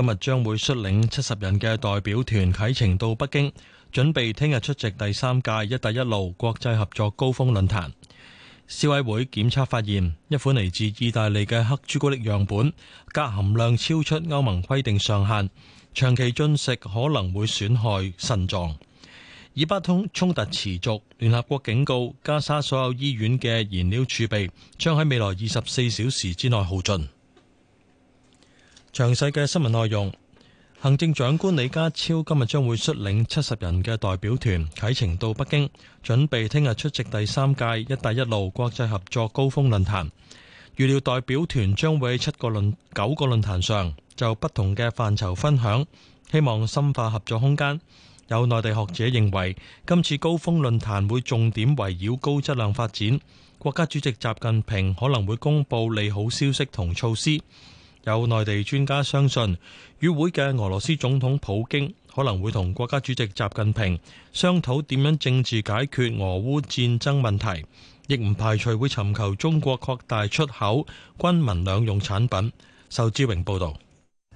今日將會率領七十人嘅代表團啟程到北京，準備聽日出席第三屆“一帶一路”國際合作高峰論壇。消委會檢測發現，一款嚟自意大利嘅黑朱古力樣本鎘含量超出歐盟規定上限，長期進食可能會損害腎臟。以巴通衝突持續，聯合國警告加沙所有醫院嘅燃料儲備將喺未來二十四小時之內耗盡。詳細嘅新聞內容，行政長官李家超今日將會率領七十人嘅代表團啟程到北京，準備聽日出席第三屆“一帶一路”國際合作高峰論壇。預料代表團將會喺七個論九個論壇上就不同嘅範疇分享，希望深化合作空間。有內地學者認為，今次高峰論壇會重點圍繞高質量發展，國家主席習近平可能會公布利好消息同措施。有內地專家相信，與會嘅俄羅斯總統普京可能會同國家主席習近平商討點樣政治解決俄烏戰爭問題，亦唔排除會尋求中國擴大出口軍民兩用產品。仇志榮報導。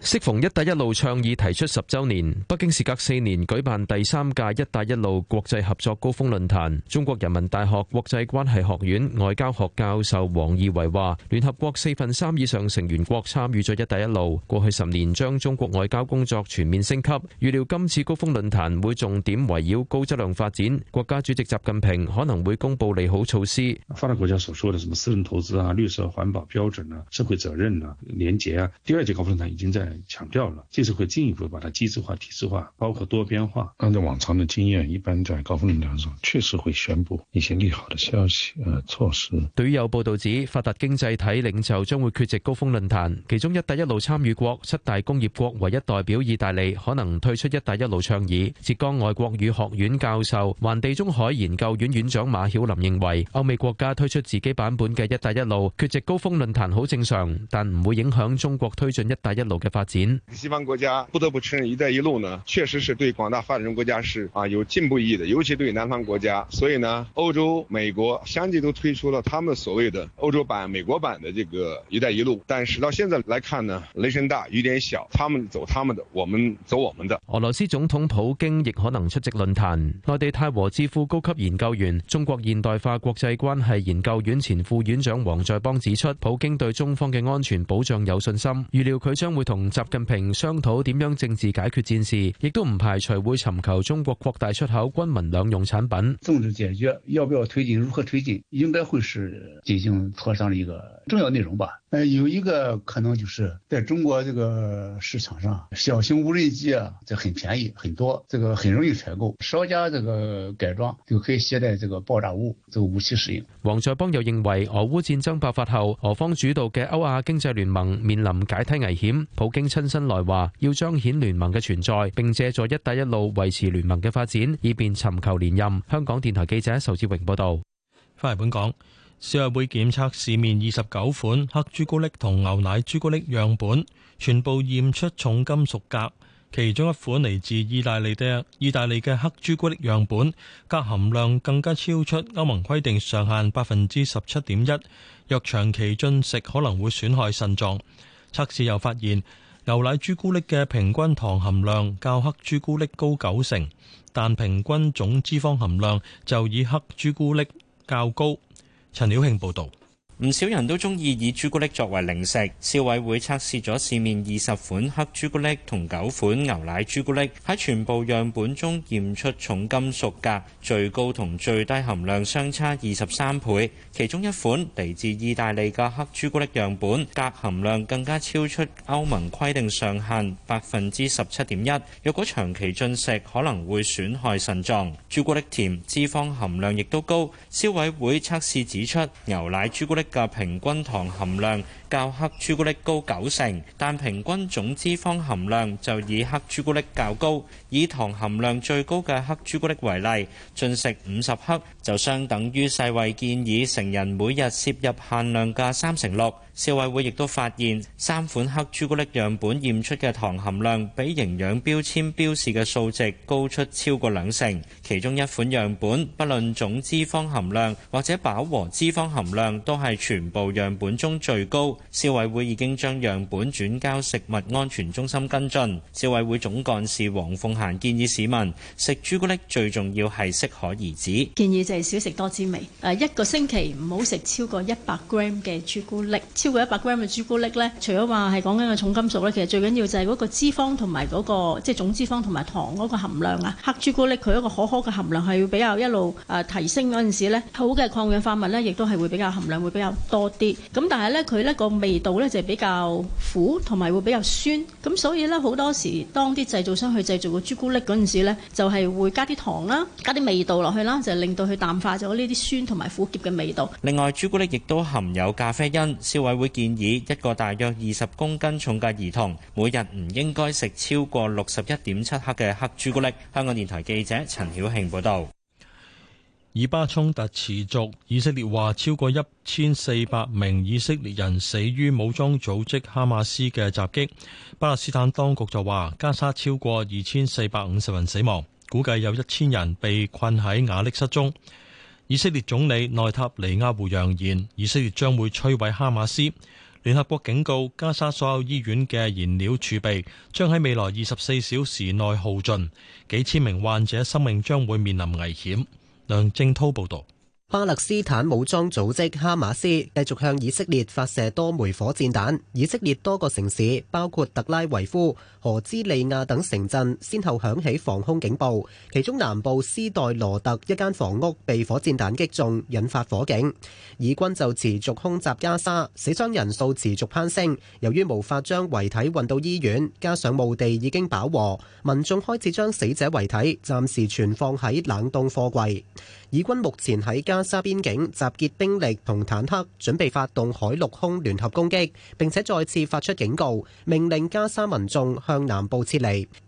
適逢一帶一路倡議提出十周年，北京時隔四年，舉辦第三屆一帶一路國際合作高峰論壇。中國人民大學國際關係學院外交學教授王義桅話，聯合國四分三以上成員國參與咗一帶一路，過去十年將中國外交工作全面升級。預料今次高峰論壇，會重點圍繞高質量發展，國家主席習近平，可能會公布利好措施。發達國家所說的什麼私人投資，綠色環保標準，社會責任，連結，第二屆高峰論壇已經在強調了，這次會進一步把它機制化、體制化，包括多邊化。按照往常的經驗，一般在高峰論壇上確實會宣布一些利好的消息、呃措施。對於有報道指發達經濟體領袖將會缺席高峰論壇，其中“一帶一路”參與國七大工業國唯一代表意大利可能退出“一帶一路”倡議。浙江外國語學院教授、環地中海研究院院長馬曉林認為，歐美國家推出自己版本嘅“一帶一路”，缺席高峰論壇好正常，但唔會影響中國推進“一帶一路”嘅發西方國家不得不承認，一帶一路呢確實是對廣大發展中國家是啊有進步意義的，尤其對南方國家。所以呢，歐洲、美國相繼都推出了他們所謂的歐洲版、美國版的這個一帶一路。但是到現在來看呢，雷聲大雨點小，他們走他們的，我們走我們的。俄羅斯總統普京亦可能出席論壇。內地泰和智庫高級研究員、中國現代化國際關係研究院前副院長王在邦指出，普京對中方嘅安全保障有信心，預料佢將會同。同習近平商討點樣政治解決戰事，亦都唔排除會尋求中國擴大出口軍民兩用產品。政治解決要不要推進，如何推進，應該會是進行磋商的一個重要內容吧。呃，有一個可能就是在中國這個市場上，小型無人機啊，這很便宜，很多，這個很容易採購，稍加這個改裝就可以攜帶這個爆炸物，這個武器使用。王在邦又認為，俄烏戰爭爆發後，俄方主導嘅歐亞經濟聯盟面臨解體危險。普京親身來華，要彰顯聯盟嘅存在，並借助“一帶一路”維持聯盟嘅發展，以便尋求連任。香港電台記者仇志榮報道。翻嚟本港。消委會檢測市面二十九款黑朱古力同牛奶朱古力樣本，全部驗出重金屬鎘。其中一款嚟自意大利的意大利嘅黑朱古力樣本，鎘含量更加超出歐盟規定上限百分之十七點一。若長期進食，可能會損害腎臟。測試又發現牛奶朱古力嘅平均糖含量較黑朱古力高九成，但平均總脂肪含量就以黑朱古力較高。陳曉慶報道。唔少人都中意以朱古力作為零食，消委會測試咗市面二十款黑朱古力同九款牛奶朱古力，喺全部樣本中驗出重金屬鎘，最高同最低含量相差二十三倍。其中一款嚟自意大利嘅黑朱古力樣本，鎘含量更加超出歐盟規定上限百分之十七點一。若果長期進食，可能會損害腎臟。朱古力甜，脂肪含量亦都高。消委會測試指出，牛奶朱古力嘅平均糖含量較黑朱古力高九成，但平均總脂肪含量就以黑朱古力較高。以糖含量最高嘅黑朱古力為例，進食五十克就相等於世衛建議成人每日攝入限量嘅三成六。消委會亦都發現三款黑朱古力樣本驗出嘅糖含量比營養標籤標示嘅數值高出超過兩成，其中一款樣本，不論總脂肪含量或者飽和脂肪含量都係全部樣本中最高。消委會已經將樣本轉交食物安全中心跟進。消委會總幹事黃鳳嫻建議市民食朱古力最重要係適可而止，建議就係少食多滋味，誒一個星期唔好食超過一百 gram 嘅朱古力。超過一百 gram 嘅朱古力咧，除咗話係講緊個重金屬咧，其實最緊要就係嗰個脂肪同埋嗰個即係總脂肪同埋糖嗰個含量啊。黑朱古力佢一個可可嘅含量係會比較一路誒提升嗰陣時咧，好嘅抗氧化物咧，亦都係會比較含量會比較多啲。咁但係咧，佢呢個味道咧就比較苦同埋會比較酸。咁所以咧，好多時當啲製造商去製造個朱古力嗰陣時咧，就係會加啲糖啦，加啲味道落去啦，就令到佢淡化咗呢啲酸同埋苦澀嘅味道。另外，朱古力亦都含有咖啡因。佢會建議一個大約二十公斤重嘅兒童，每日唔應該食超過六十一點七克嘅黑朱古力。香港電台記者陳曉慶報道。以巴衝突持續，以色列話超過一千四百名以色列人死於武裝組織哈馬斯嘅襲擊，巴勒斯坦當局就話加沙超過二千四百五十人死亡，估計有一千人被困喺瓦礫失蹤。以色列總理內塔尼亞胡揚言，以色列將會摧毀哈馬斯。聯合國警告，加沙所有醫院嘅燃料儲備將喺未來二十四小時內耗盡，幾千名患者生命將會面臨危險。梁正濤報道。巴勒斯坦武裝組織哈馬斯繼續向以色列發射多枚火箭彈，以色列多個城市，包括特拉維夫、荷茲利亞等城鎮，先後響起防空警報。其中南部斯代羅特一間房屋被火箭彈擊中，引發火警。以軍就持續空襲加沙，死傷人數持續攀升。由於無法將遺體運到醫院，加上墓地已經飽和，民眾開始將死者遺體暫時存放喺冷凍貨櫃。以軍目前喺加沙邊境集結兵力同坦克，準備發動海陸空聯合攻擊，並且再次發出警告，命令加沙民眾向南部撤離。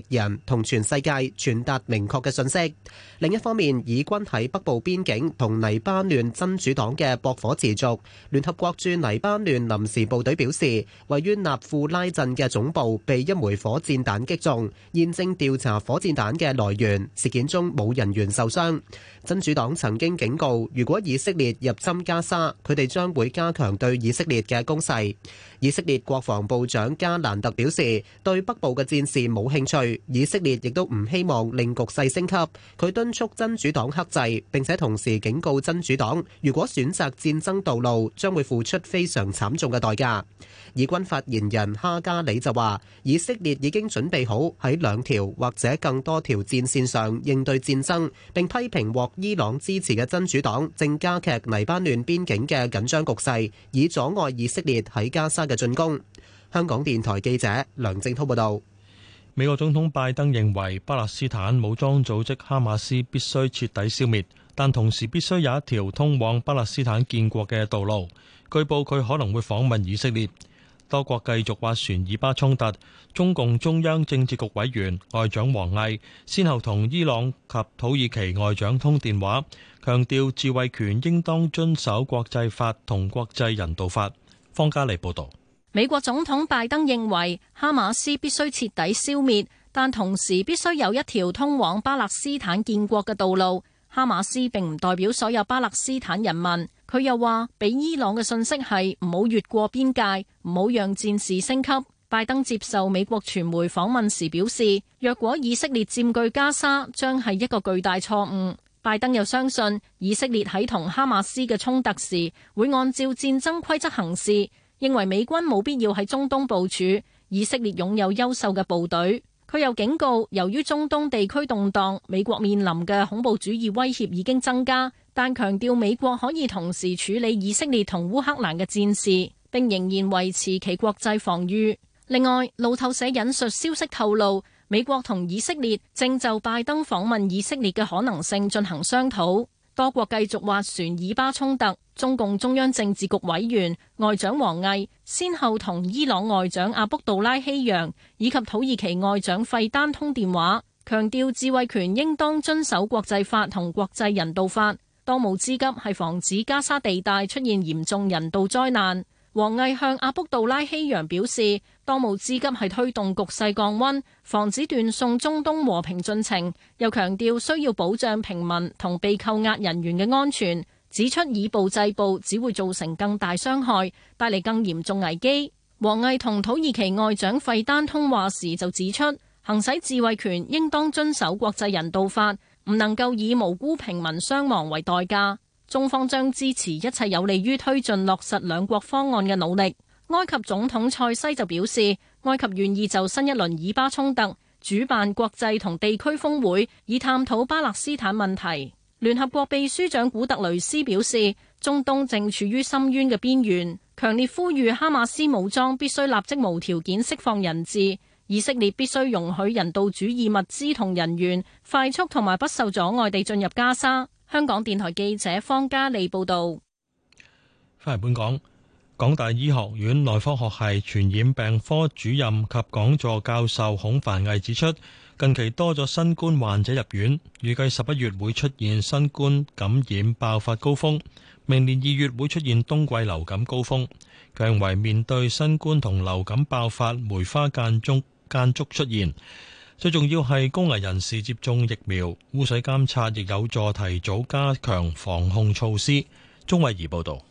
敵人同全世界傳達明確嘅信息。另一方面，以軍喺北部邊境同黎巴嫩真主黨嘅駁火持續。聯合國駐黎巴嫩臨時部隊表示，位於納庫拉鎮嘅總部被一枚火箭彈擊中，現正調查火箭彈嘅來源。事件中冇人員受傷。真主黨曾經警告，如果以色列入侵加沙，佢哋將會加強對以色列嘅攻勢。以色列國防部長加蘭特表示，對北部嘅戰事冇興趣。以色列亦都唔希望令局勢升級。佢敦促真主黨克制，並且同時警告真主黨，如果選擇戰爭道路，將會付出非常慘重嘅代價。以軍發言人哈加里就話，以色列已經準備好喺兩條或者更多條戰線上應對戰爭，並批評獲伊朗支持嘅真主黨正加劇黎巴嫩邊境嘅緊張局勢，以阻礙以色列喺加沙嘅進攻。香港電台記者梁正濤報道。美國總統拜登認為巴勒斯坦武裝組織哈馬斯必須徹底消滅，但同時必須有一條通往巴勒斯坦建國嘅道路。據報，佢可能會訪問以色列。多國繼續斡旋以巴衝突。中共中央政治局委員外長王毅先後同伊朗及土耳其外長通電話，強調自衛權應當遵守國際法同國際人道法。方家莉報道。美國總統拜登認為哈馬斯必須徹底消滅，但同時必須有一條通往巴勒斯坦建國嘅道路。哈馬斯並唔代表所有巴勒斯坦人民。佢又話俾伊朗嘅信息係唔好越過邊界，唔好讓戰事升級。拜登接受美國傳媒訪問時表示，若果以色列佔據加沙，將係一個巨大錯誤。拜登又相信以色列喺同哈馬斯嘅衝突時會按照戰爭規則行事，認為美軍冇必要喺中東部署。以色列擁有優秀嘅部隊。佢又警告，由於中東地區動盪，美國面臨嘅恐怖主義威脅已經增加，但強調美國可以同時處理以色列同烏克蘭嘅戰事，並仍然維持其國際防御。另外，路透社引述消息透露，美國同以色列正就拜登訪問以色列嘅可能性進行商討。多國繼續斡旋以巴衝突。中共中央政治局委員外長王毅先後同伊朗外長阿卜杜拉希揚以及土耳其外長費丹通電話，強調自衛權應當遵守國際法同國際人道法，當務之急係防止加沙地帶出現嚴重人道災難。王毅向阿卜杜拉希揚表示。當務之急係推動局勢降溫，防止斷送中東和平進程。又強調需要保障平民同被扣押人員嘅安全，指出以暴制暴只會造成更大傷害，帶嚟更嚴重危機。王毅同土耳其外長費丹通話時就指出，行使自衛權應當遵守國際人道法，唔能夠以無辜平民傷亡為代價。中方將支持一切有利於推進落實兩國方案嘅努力。埃及總統塞西就表示，埃及願意就新一輪以巴衝突主辦國際同地區峰會，以探討巴勒斯坦問題。聯合國秘書長古特雷斯表示，中東正處於深淵嘅邊緣，強烈呼籲哈馬斯武裝必須立即無條件釋放人質，以色列必須容許人道主義物資同人員快速同埋不受阻礙地進入加沙。香港電台記者方嘉莉報道。翻嚟本港。港大醫學院內科學系傳染病科主任及講座教授孔凡毅指出，近期多咗新冠患者入院，預計十一月會出現新冠感染爆發高峰，明年二月會出現冬季流感高峰。佢認為面對新冠同流感爆發，梅花間中間足出現，最重要係高危人士接種疫苗、污水監察亦有助提早加強防控措施。鍾慧儀報道。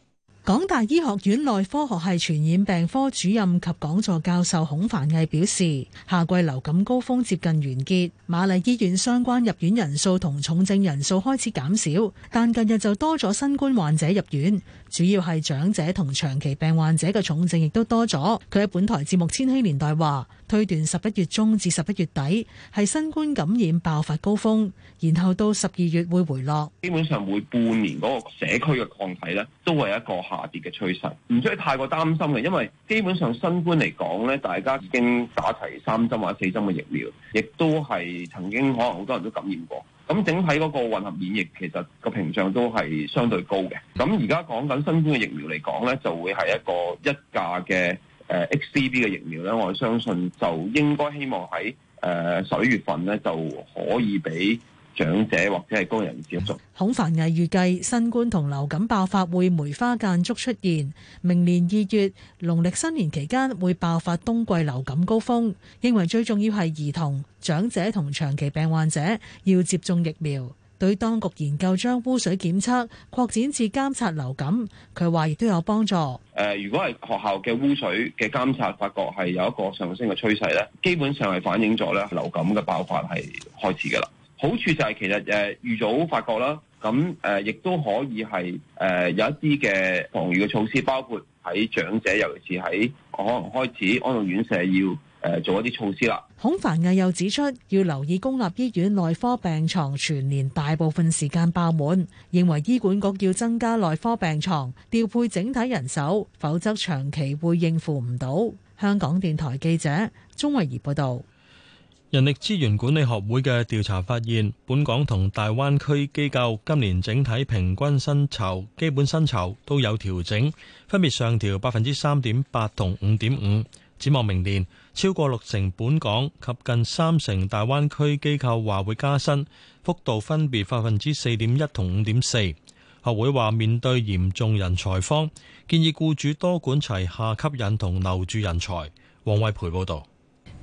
港大醫學院內科學系傳染病科主任及講座教授孔凡毅表示，夏季流感高峰接近完結，瑪麗醫院相關入院人數同重症人數開始減少，但近日就多咗新冠患者入院。主要係長者同長期病患者嘅重症亦都多咗。佢喺本台節目《千禧年代》話，推斷十一月中至十一月底係新冠感染爆發高峰，然後到十二月會回落。基本上每半年嗰個社區嘅抗體呢，都會有一個下跌嘅趨勢，唔需要太過擔心嘅，因為基本上新冠嚟講呢，大家已經打齊三針或者四針嘅疫苗，亦都係曾經可能好多人都感染過。咁整體嗰個混合免疫其實個屏障都係相對高嘅。咁而家講緊新冠嘅疫苗嚟講咧，就會係一個一價嘅 XCB 嘅疫苗咧，我相信就應該希望喺誒十一月份咧就可以俾長者或者係高人接種。孔凡毅預計新冠同流感爆發會梅花間竹出現。明年二月農曆新年期間會爆發冬季流感高峰。認為最重要係兒童、長者同長期病患者要接種疫苗。對當局研究將污水檢測擴展至監察流感，佢話亦都有幫助。誒，如果係學校嘅污水嘅監察發覺係有一個上升嘅趨勢咧，基本上係反映咗咧流感嘅爆發係開始㗎啦。好處就係其實誒預早發覺啦，咁誒亦都可以係誒有一啲嘅防禦嘅措施，包括喺長者尤其是喺可能開始安老院舍要誒做一啲措施啦。孔凡毅又指出，要留意公立醫院內科病床全年大部分時間爆滿，認為醫管局要增加內科病床調配整體人手，否則長期會應付唔到。香港電台記者鍾慧儀報道。人力資源管理學會嘅調查發現，本港同大灣區機構今年整體平均薪酬，基本薪酬都有調整分別調，分別上調百分之三點八同五點五。展望明年，超過六成本港及近三成大灣區機構話會加薪，幅度分別百分之四點一同五點四。學會話面對嚴重人才荒，建議僱主多管齊下吸引同留住人才。王偉培報道。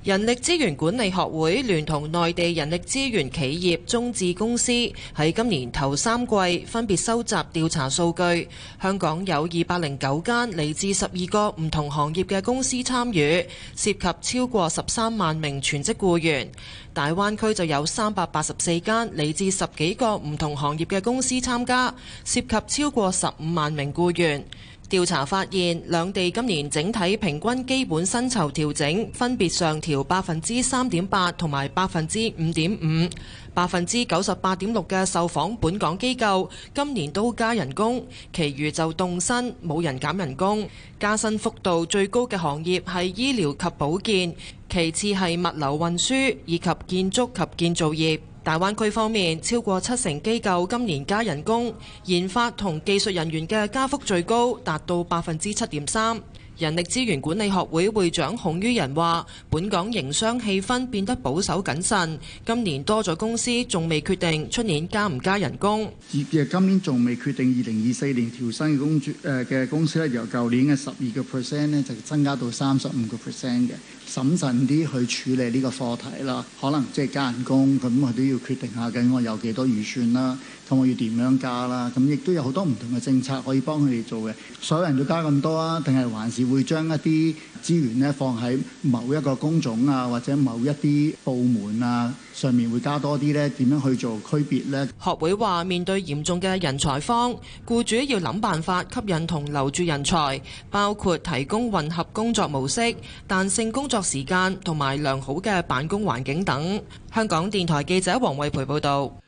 人力資源管理學會聯同內地人力資源企業、中資公司喺今年頭三季分別收集調查數據。香港有二百零九間嚟自十二個唔同行業嘅公司參與，涉及超過十三萬名全職僱員。大灣區就有三百八十四間嚟自十幾個唔同行業嘅公司參加，涉及超過十五萬名僱員。調查發現，兩地今年整體平均基本薪酬調整分別上調百分之三點八同埋百分之五點五，百分之九十八點六嘅受訪本港機構今年都加人工，其餘就凍薪，冇人減人工。加薪幅度最高嘅行業係醫療及保健，其次係物流運輸以及建築及建造業。大灣區方面，超過七成機構今年加人工，研發同技術人員嘅加幅最高，達到百分之七點三。人力資源管理學會會長孔於人話，本港營商氣氛變得保守謹慎，今年多咗公司仲未決定出年加唔加人工。今年仲未決定二零二四年調薪嘅工誒嘅公司咧，由舊年嘅十二個 percent 咧，就增加到三十五個 percent 嘅。審慎啲去處理呢個課題啦，可能即係加人工，咁佢都要決定下緊我有幾多預算啦。我要點樣加啦？咁亦都有好多唔同嘅政策可以幫佢哋做嘅。所有人都加咁多啊？定係還是會將一啲資源呢放喺某一個工種啊，或者某一啲部門啊上面會加多啲呢？點樣去做區別呢？學會話面對嚴重嘅人才荒，僱主要諗辦法吸引同留住人才，包括提供混合工作模式、彈性工作時間同埋良好嘅辦公環境等。香港電台記者黃慧培報導。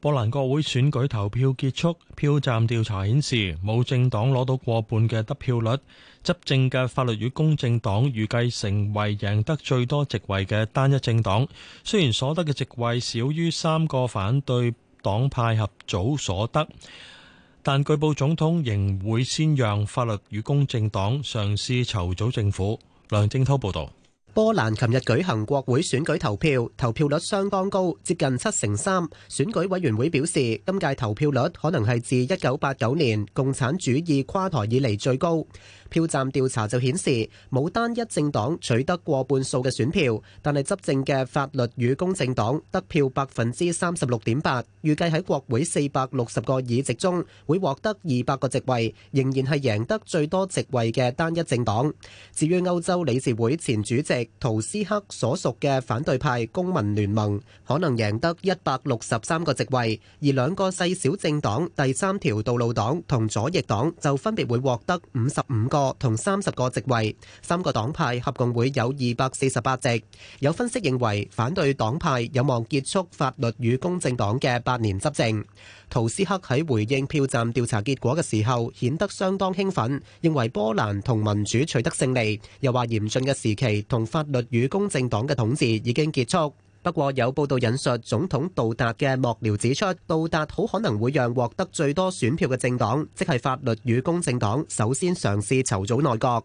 波蘭國會選舉投票結束，票站調查顯示，冇政黨攞到過半嘅得票率。執政嘅法律與公正黨預計成為贏得最多席位嘅單一政黨，雖然所得嘅席位少於三個反對黨派合組所得，但據報總統仍會先讓法律與公正黨嘗試籌組政府。梁正濤報道。波蘭琴日舉行國會選舉投票，投票率相當高，接近七成三。選舉委員會表示，今屆投票率可能係自一九八九年共產主義垮台以嚟最高。票站調查就顯示冇單一政黨取得過半數嘅選票，但係執政嘅法律與公正黨得票百分之三十六點八，預計喺國會四百六十個議席中會獲得二百個席位，仍然係贏得最多席位嘅單一政黨。至於歐洲理事會前主席圖斯克所屬嘅反對派公民聯盟，可能贏得一百六十三個席位，而兩個細小政黨第三條道路黨同左翼黨就分別會獲得五十五個個同三十個席位，三個黨派合共會有二百四十八席。有分析認為，反對黨派有望結束法律與公正黨嘅八年執政。陶斯克喺回應票站調查結果嘅時候，顯得相當興奮，認為波蘭同民主取得勝利，又話嚴峻嘅時期同法律與公正黨嘅統治已經結束。不過有報道引述總統杜達嘅幕僚指出，杜達好可能會讓獲得最多選票嘅政黨，即係法律與公正黨，首先嘗試籌組內閣。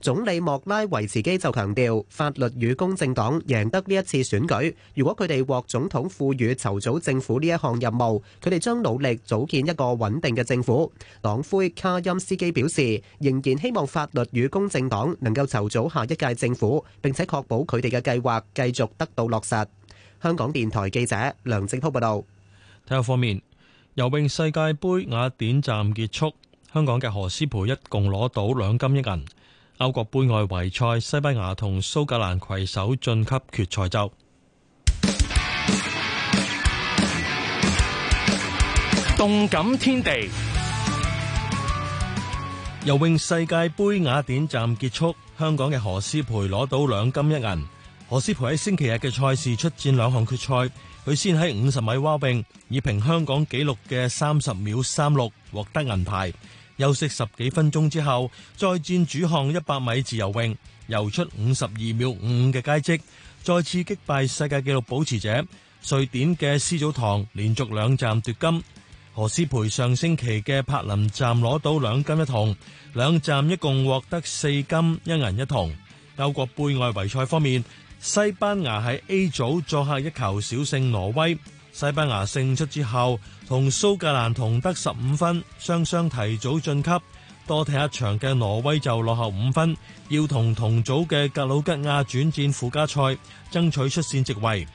總理莫拉維茨基就強調，法律與公正黨贏得呢一次選舉，如果佢哋獲總統賦予籌組政府呢一項任務，佢哋將努力組建一個穩定嘅政府。黨魁卡欽斯基表示，仍然希望法律與公正黨能夠籌組下一屆政府，並且確保佢哋嘅計劃繼續得到落實。香港電台記者梁正濤報道：體育方面，游泳世界杯雅典站結束，香港嘅何詩培一共攞到兩金一銀。歐國杯外圍賽，西班牙同蘇格蘭攜手晉級決賽周。動感天地，游泳世界杯雅典站結束，香港嘅何詩培攞到兩金一銀。何詩蓓喺星期日嘅賽事出戰兩項決賽，佢先喺五十米蛙泳以平香港紀錄嘅三十秒三六獲得銀牌。休息十幾分鐘之後，再戰主項一百米自由泳，游出五十二秒五五嘅佳績，再次擊敗世界紀錄保持者瑞典嘅施祖堂，連續兩站奪金。何詩蓓上星期嘅柏林站攞到兩金一銅，兩站一共獲得四金一銀一銅。歐國盃外圍賽方面。西班牙喺 A 組作客一球小勝挪威，西班牙勝出之後同蘇格蘭同得十五分，雙雙提早晉級。多踢一場嘅挪威就落後五分，要同同組嘅格魯吉亞轉戰附加賽，爭取出線席位。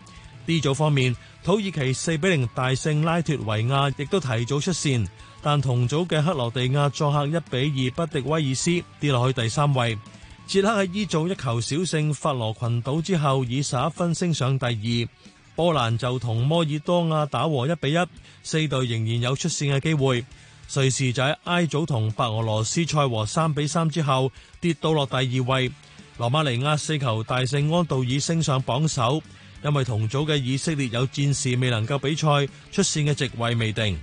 D 組方面，土耳其四比零大勝拉脫維亞，亦都提早出線，但同組嘅克羅地亞作客一比二不敵威爾斯，跌落去第三位。捷克喺 E 組一球小勝法羅群島之後，以十一分升上第二。波蘭就同摩爾多亞打和一比一，四隊仍然有出線嘅機會。瑞士就喺 I 組同白俄羅斯賽和三比三之後跌到落第二位。羅馬尼亞四球大勝安道爾，升上榜首。因為同組嘅以色列有戰事未能夠比賽，出線嘅席位未定。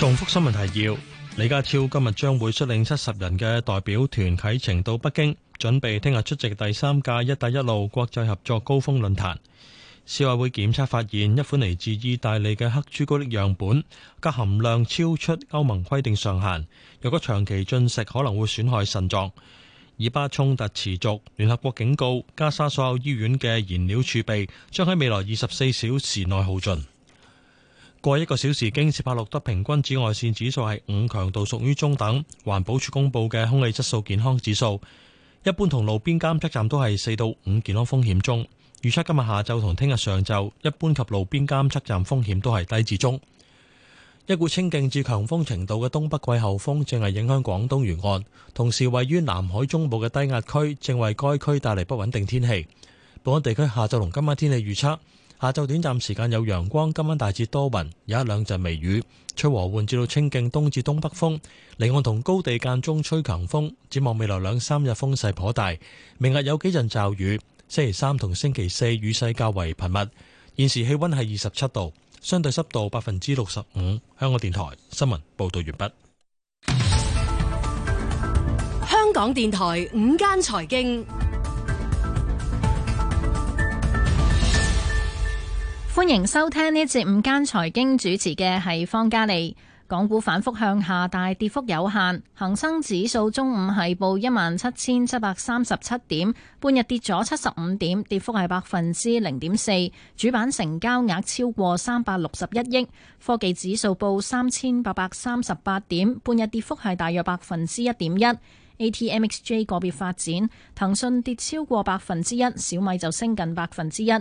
重複新聞提要。李家超今日將會率領七十人嘅代表團啟程到北京，準備聽日出席第三屆“一帶一路”國際合作高峰論壇。消委會檢測發現，一款嚟自意大利嘅黑朱古力樣本鎘含量超出歐盟規定上限，若果長期進食可能會損害腎臟。以巴衝突持續，聯合國警告加沙所有醫院嘅燃料儲備將喺未來二十四小時內耗盡。過一個小時，京士柏錄得平均紫外線指數係五，強度屬於中等。環保署公布嘅空氣質素健康指數，一般同路邊監測站都係四到五，健康風險中。預測今日下晝同聽日上晝，一般及路邊監測站風險都係低至中。一股清勁至強風程度嘅東北季候風正係影響廣東沿岸，同時位於南海中部嘅低壓區正為該區帶嚟不穩定天氣。本港地區下晝同今晚天氣預測。下晝短暫時間有陽光，今晚大致多雲，有一兩陣微雨，吹和緩至到清勁東至東北風，離岸同高地間中吹強風，展望未來兩三日風勢頗大，明日有幾陣驟雨，星期三同星期四雨勢較為頻密。現時氣溫係二十七度，相對濕度百分之六十五。香港電台新聞報道完畢。香港電台午間財經。歡迎收聽呢節午間財經，主持嘅係方嘉利。港股反復向下，但跌幅有限。恒生指數中午係報一萬七千七百三十七點，半日跌咗七十五點，跌幅係百分之零點四。主板成交額超過三百六十一億。科技指數報三千八百三十八點，半日跌幅係大約百分之一點一。ATMXJ 個別發展，騰訊跌超過百分之一，小米就升近百分之一。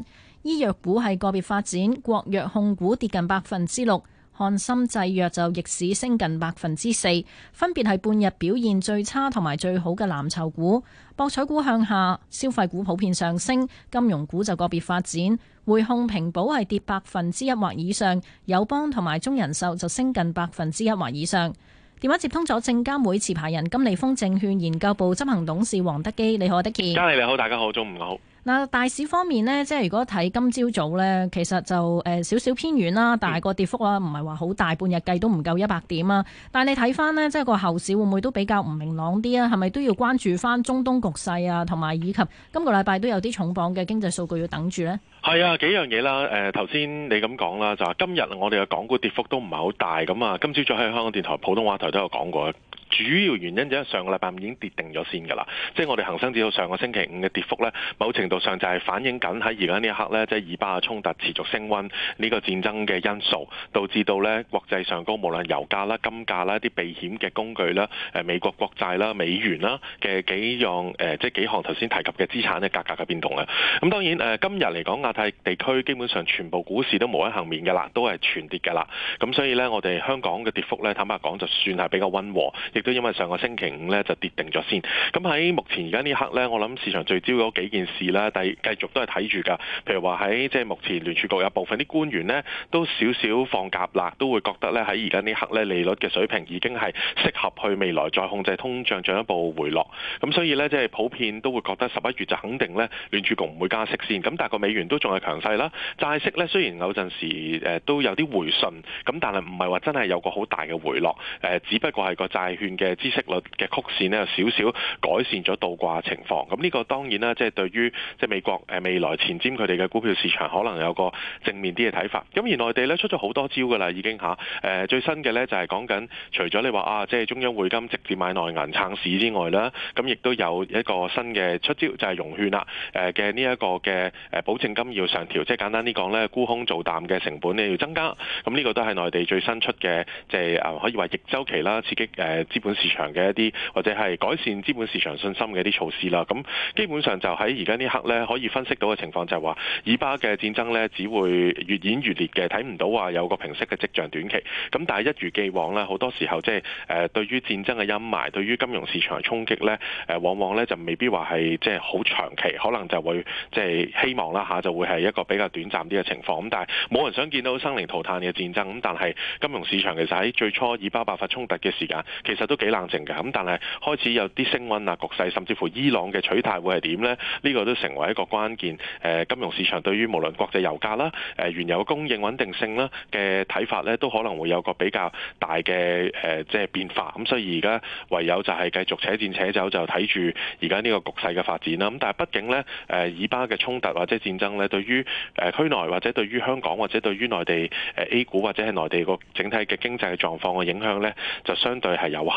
醫藥股係個別發展，國藥控股跌近百分之六，翰森製藥就逆市升近百分之四，分別係半日表現最差同埋最好嘅藍籌股。博彩股向下，消費股普遍上升，金融股就個別發展。匯控、平保係跌百分之一或以上，友邦同埋中人壽就升近百分之一或以上。電話接通咗證監會持牌人金利豐證券研究部執行董事黃德基。你好，德基。嘉麗你好，大家好，中午好。嗱，大市方面呢，即係如果睇今朝早，早呢，其實就誒少少偏軟啦，但係個跌幅啊，唔係話好大，半日計都唔夠一百點啊。但係你睇翻呢，即係個後市會唔會都比較唔明朗啲啊？係咪都要關注翻中東局勢啊，同埋以及今個禮拜都有啲重磅嘅經濟數據要等住呢？係啊，幾樣嘢啦，誒頭先你咁講啦，就係、是、今日我哋嘅港股跌幅都唔係好大，咁啊今朝早喺香港電台普通話台都有講過。主要原因就係上個禮拜五已經跌定咗先㗎啦，即係我哋恒生指數上個星期五嘅跌幅咧，某程度上就係反映緊喺而家呢一刻咧，即係以巴嘅衝突持續升溫呢個戰爭嘅因素，導致到咧國際上高無論油價啦、金價啦、啲避險嘅工具啦、誒美國國債啦、美元啦嘅幾樣誒，即係幾項頭先提及嘅資產嘅價格嘅變動嘅。咁當然誒，今日嚟講亞太地區基本上全部股市都冇一幸免㗎啦，都係全跌㗎啦。咁所以咧，我哋香港嘅跌幅咧，坦白講就算係比較溫和。亦都因為上個星期五咧就跌定咗先。咁喺目前而家呢刻咧，我諗市場聚焦嗰幾件事咧，但係繼續都係睇住㗎。譬如話喺即係目前聯儲局有部分啲官員呢，都少少放鴿啦，都會覺得咧喺而家呢刻咧利率嘅水平已經係適合去未來再控制通脹進一步回落。咁所以咧即係普遍都會覺得十一月就肯定咧聯儲局唔會加息先。咁但係個美元都仲係強勢啦，債息咧雖然有陣時誒都有啲回順，咁但係唔係話真係有個好大嘅回落。誒，只不過係個債券。嘅息率嘅曲線呢，有少少改善咗倒掛情況，咁呢個當然啦，即係對於即係美國未來前瞻佢哋嘅股票市場，可能有個正面啲嘅睇法。咁而內地呢，出咗好多招噶啦，已經吓、啊、最新嘅呢，就係講緊除咗你話啊，即係中央匯金直接買內銀撐市之外啦，咁亦都有一個新嘅出招，就係融券啦嘅呢一個嘅保證金要上調，即係簡單啲講呢，沽空做淡嘅成本呢要增加。咁呢個都係內地最新出嘅，即係可以話逆週期啦，刺激、呃資本市場嘅一啲或者係改善資本市場信心嘅一啲措施啦，咁基本上就喺而家呢刻咧可以分析到嘅情況就係話，以巴嘅戰爭咧只會越演越烈嘅，睇唔到話有個平息嘅跡象短期。咁但係一如既往咧，好多時候即係誒，對於戰爭嘅陰霾，對於金融市場嘅衝擊咧，誒、呃，往往咧就未必話係即係好長期，可能就會即係、就是、希望啦吓、啊，就會係一個比較短暫啲嘅情況。咁但係冇人想見到生靈塗炭嘅戰爭。咁但係金融市場其實喺最初以巴爆發衝突嘅時間，其實都幾冷靜嘅，咁但係開始有啲升溫啊，局勢甚至乎伊朗嘅取態會係點咧？呢、這個都成為一個關鍵誒、呃、金融市場對於無論國際油價啦、誒、呃、原油供應穩定性啦嘅睇法咧，都可能會有個比較大嘅誒、呃、即係變化。咁所以而家唯有就係繼續且戰且走，就睇住而家呢個局勢嘅發展啦。咁但係畢竟咧，誒、呃、以巴嘅衝突或者戰爭咧，對於誒區內或者對於香港或者對於內地誒 A 股或者係內地個整體嘅經濟狀況嘅影響咧，就相對係有限。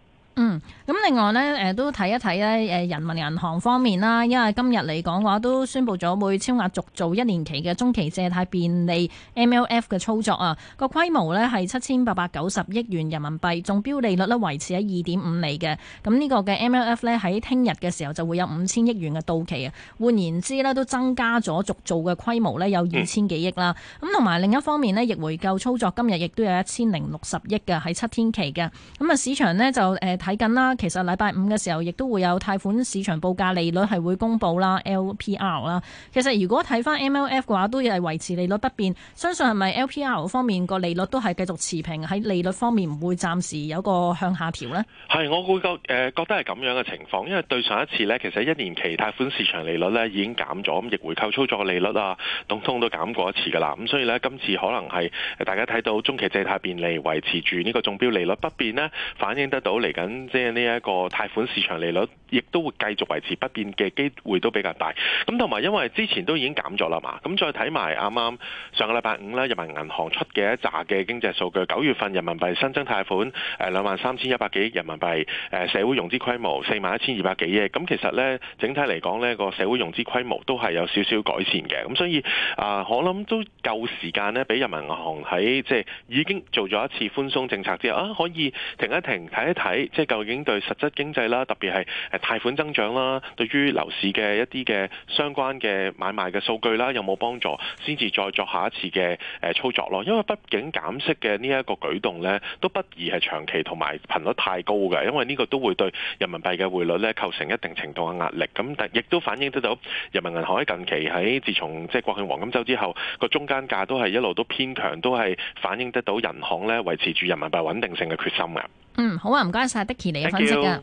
嗯，咁另外呢，誒都睇一睇咧，誒人民銀行方面啦，因為今日嚟講嘅話都宣布咗會超額續做一年期嘅中期借貸便利 MLF 嘅操作啊，個規模呢係七千八百九十億元人民幣，中標利率呢維持喺二點五厘嘅。咁呢個嘅 MLF 呢，喺聽日嘅時候就會有五千億元嘅到期啊，換言之呢，都增加咗續做嘅規模呢，嗯、有二千幾億啦。咁同埋另一方面呢，逆回購操作今日亦都有一千零六十億嘅，喺七天期嘅。咁啊，市場呢，就誒、呃睇緊啦，其實禮拜五嘅時候亦都會有貸款市場報價利率係會公布啦，LPR 啦。PR，其實如果睇翻 MLF 嘅話，都係維持利率不變，相信係咪 LPR 方面個利率都係繼續持平，喺利率方面唔會暫時有個向下調呢？係，我會覺誒、呃、覺得係咁樣嘅情況，因為對上一次呢，其實一年期貸款市場利率呢已經減咗，咁逆回購操作利率啊，統統都減過一次噶啦。咁所以呢，今次可能係大家睇到中期借貸便利維持住呢個中標利率不變呢，反映得到嚟緊。即係呢一個貸款市場利率，亦都會繼續維持不變嘅機會都比較大。咁同埋，因為之前都已經減咗啦嘛，咁再睇埋啱啱上個禮拜五咧，人民銀行出嘅一紮嘅經濟數據，九月份人民幣新增貸款誒兩萬三千一百幾億人民幣，誒社會融資規模四萬一千二百幾億。咁其實呢，整體嚟講呢個社會融資規模都係有少少改善嘅。咁所以啊，我諗都夠時間呢，俾人民銀行喺即係已經做咗一次寬鬆政策之後啊，可以停一停睇一睇。看看究竟對實質經濟啦，特別係誒貸款增長啦，對於樓市嘅一啲嘅相關嘅買賣嘅數據啦，有冇幫助先至再作下一次嘅操作咯？因為畢竟減息嘅呢一個舉動呢，都不宜係長期同埋頻率太高嘅，因為呢個都會對人民幣嘅匯率呢構成一定程度嘅壓力。咁亦都反映得到人民銀行喺近期喺自從即係國慶黃金週之後，個中間價都係一路都偏強，都係反映得到銀行呢維持住人民幣穩定性嘅決心嘅。嗯，好啊，唔該晒，Dickie 你嘅分析噶、啊，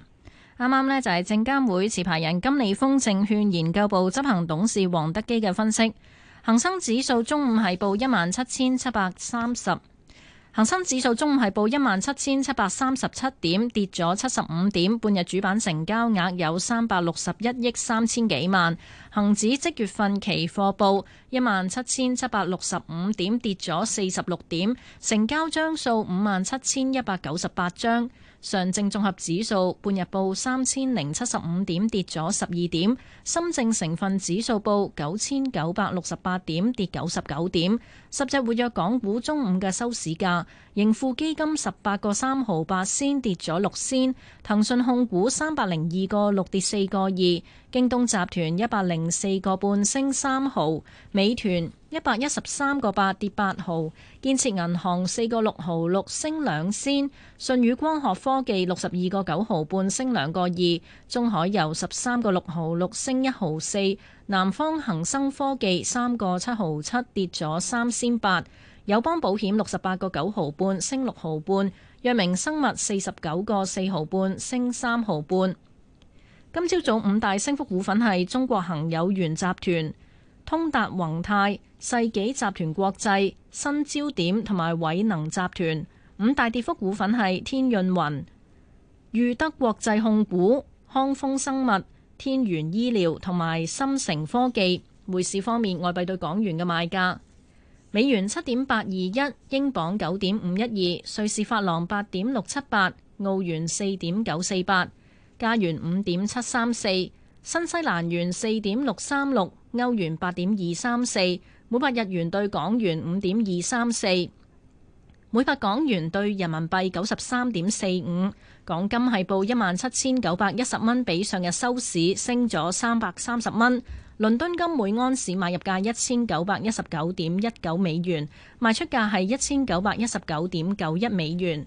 啱啱 Thank you. 呢就係、是、證監會持牌人金利豐證券研究部執行董事黃德基嘅分析，恒生指數中午係報一萬七千七百三十。恒生指數中午係報一萬七千七百三十七點，跌咗七十五點。半日主板成交額有三百六十一億三千幾萬。恒指即月份期貨報一萬七千七百六十五點，跌咗四十六點，成交張數五萬七千一百九十八張。上證綜合指數半日報三千零七十五點，跌咗十二點。深證成分指數報九千九百六十八點，跌九十九點。十隻活躍港股中午嘅收市價，盈富基金十八個三毫八仙跌咗六仙，騰訊控股三百零二個六跌四個二，京東集團一百零四個半升三毫，美團。一百一十三個八跌八毫，建設銀行四個六毫六升兩仙，順宇光學科技六十二個九毫半升兩個二，中海油十三個六毫六升一毫四，南方恒生科技三個七毫七跌咗三仙八，友邦保險六十八個九毫半升六毫半，藥明生物四十九個四毫半升三毫半。今朝早五大升幅股份係中國恒有源集團。通達宏泰、世紀集團國際、新焦點同埋偉能集團。五大跌幅股份係天潤雲、裕德國際控股、康豐生物、天元醫療同埋深城科技。匯市方面，外幣對港元嘅賣價：美元七點八二一，英鎊九點五一二，瑞士法郎八點六七八，澳元四點九四八，加元五點七三四。新西蘭元四點六三六，歐元八點二三四，每百日元對港元五點二三四，每百港元對人民幣九十三點四五。港金係報一萬七千九百一十蚊，比上日收市升咗三百三十蚊。倫敦金每安士買入價一千九百一十九點一九美元，賣出價係一千九百一十九點九一美元。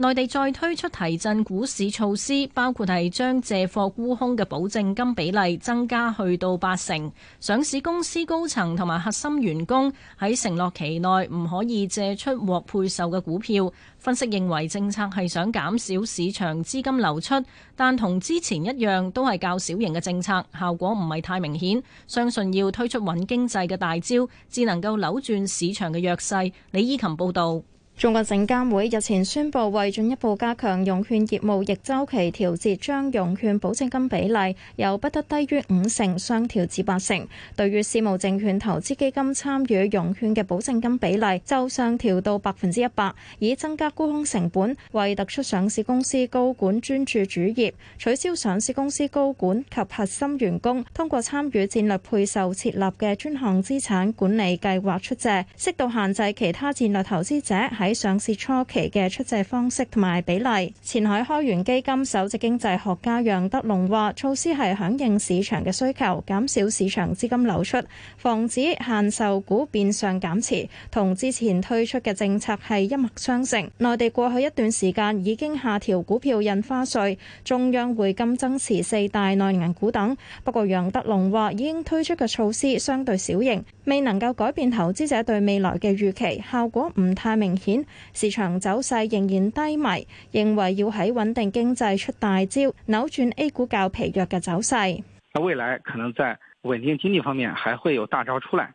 內地再推出提振股市措施，包括係將借貨沽空嘅保證金比例增加去到八成，上市公司高層同埋核心員工喺承諾期內唔可以借出獲配售嘅股票。分析認為政策係想減少市場資金流出，但同之前一樣都係較小型嘅政策，效果唔係太明顯。相信要推出穩經濟嘅大招，至能夠扭轉市場嘅弱勢。李依琴報導。中國證監會日前宣布，為進一步加強融券業務逆周期調節，將融券保證金比例由不得低於五成，上調至八成。對於私募證券投資基金參與融券嘅保證金比例，就上調到百分之一百，以增加沽空成本。為突出上市公司高管專注主業，取消上市公司高管及核心員工通過參與戰略配售設立嘅專項資產管理計劃出借，適度限制其他戰略投資者喺喺上市初期嘅出借方式同埋比例，前海開源基金首席經濟學家楊德龍話，措施係響應市場嘅需求，減少市場資金流出，防止限售股變相減持，同之前推出嘅政策係一脈相承。內地過去一段時間已經下調股票印花稅，中央匯金增持四大內銀股等。不過楊德龍話，已經推出嘅措施相對小型，未能夠改變投資者對未來嘅預期，效果唔太明顯。市場走勢仍然低迷，認為要喺穩定經濟出大招，扭轉 A 股較疲弱嘅走勢。未來可能在穩定經濟方面還會有大招出來。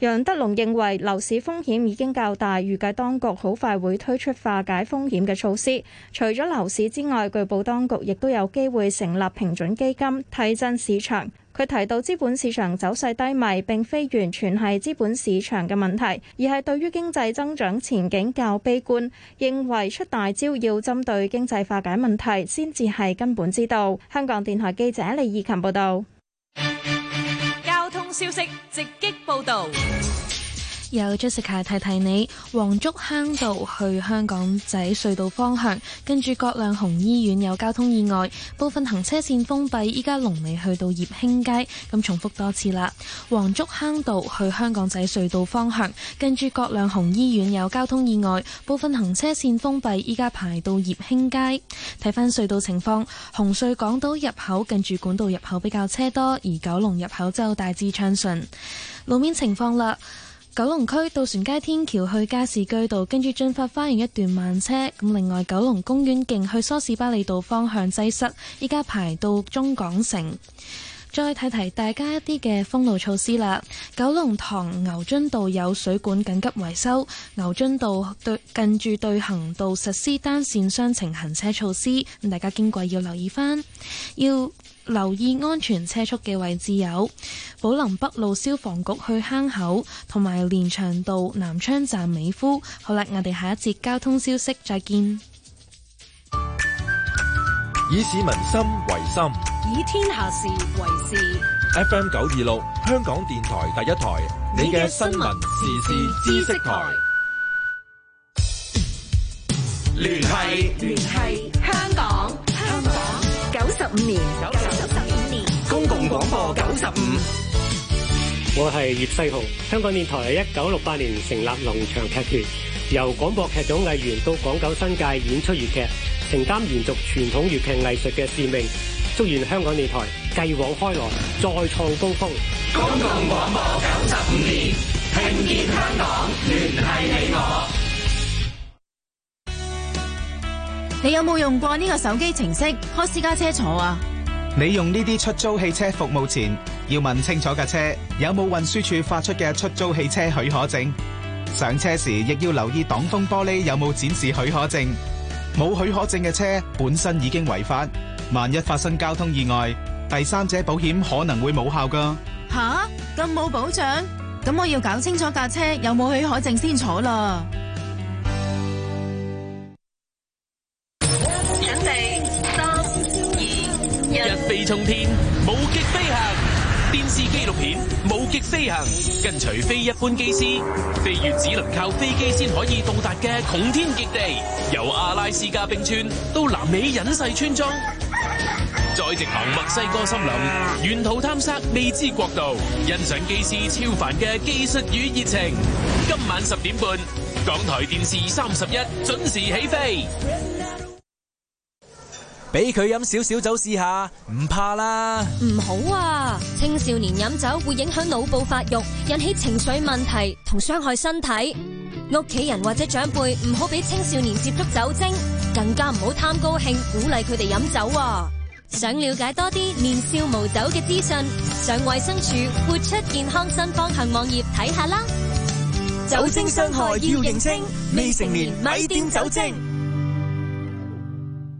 楊德龍認為樓市風險已經較大，預計當局好快會推出化解風險嘅措施。除咗樓市之外，據報當局亦都有機會成立平準基金，提振市場。佢提到資本市場走勢低迷並非完全係資本市場嘅問題，而係對於經濟增長前景較悲觀，認為出大招要針對經濟化解問題先至係根本之道。香港電台記者李義勤報道。消息直擊報道。有 Jessica 提提你，黃竹坑道去香港仔隧道方向，跟住葛量洪醫院有交通意外，部分行車線封閉。依家龍尾去到葉興街，咁重複多次啦。黃竹坑道去香港仔隧道方向，跟住葛量洪醫院有交通意外，部分行車線封閉。依家排到葉興街，睇翻隧道情況，紅隧港島入口近住管道入口比較車多，而九龍入口就大致暢順。路面情況啦。九龍區渡船街天橋去加士居道，跟住進發花園一段慢車。咁另外九龍公園徑去梳士巴利道方向擠塞，依家排到中港城。再提提大家一啲嘅封路措施啦。九龍塘牛津道有水管緊急維修，牛津道對近住對行道實施單線雙程行車措施，咁大家經過要留意翻，要。留意安全車速嘅位置有寶林北路消防局、去坑口同埋連翔道南昌站美孚。好啦，我哋下一節交通消息再見。以市民心為心，以天下事為事。FM 九二六，香港電台第一台，你嘅新聞時事知識台，嗯，聯繫聯繫香港香港九十五年。廣播九十五，我係葉世雄，香港電台係一九六八年成立龍翔劇團，由廣播劇組藝員到廣九新界演出粵劇，承擔延續傳統粵劇藝術嘅使命。祝願香港電台繼往開來，再創高峰。公共廣播九十五年，聽見香港，聯繫你我。你有冇用過呢個手機程式開私家車坐啊？你用呢啲出租汽車服務前，要問清楚架車有冇運輸處發出嘅出租汽車許可證。上車時亦要留意擋風玻璃有冇展示許可證。冇許可證嘅車本身已經違法，萬一發生交通意外，第三者保險可能會冇效㗎。吓？咁冇保障？咁我要搞清楚架車有冇許可證先坐啦。衝天無極飛行電視紀錄片《無極飛行》飛行，跟隨非一般機師，飛越只能靠飛機先可以到達嘅窮天極地，由阿拉斯加冰川到南美隱世村莊，再直行墨西哥森林，沿途探索未知國度，欣賞機師超凡嘅技術與熱情。今晚十點半，港台電視三十一準時起飛。俾佢飲少少酒試下，唔怕啦。唔好啊！青少年飲酒會影響腦部發育，引起情緒問題同傷害身體。屋企人或者長輩唔好俾青少年接觸酒精，更加唔好貪高興鼓勵佢哋飲酒啊！想了解多啲年少無酒嘅資訊，上衛生署活出健康新方向網頁睇下啦。看看酒精傷害要認清，未成年咪掂酒精。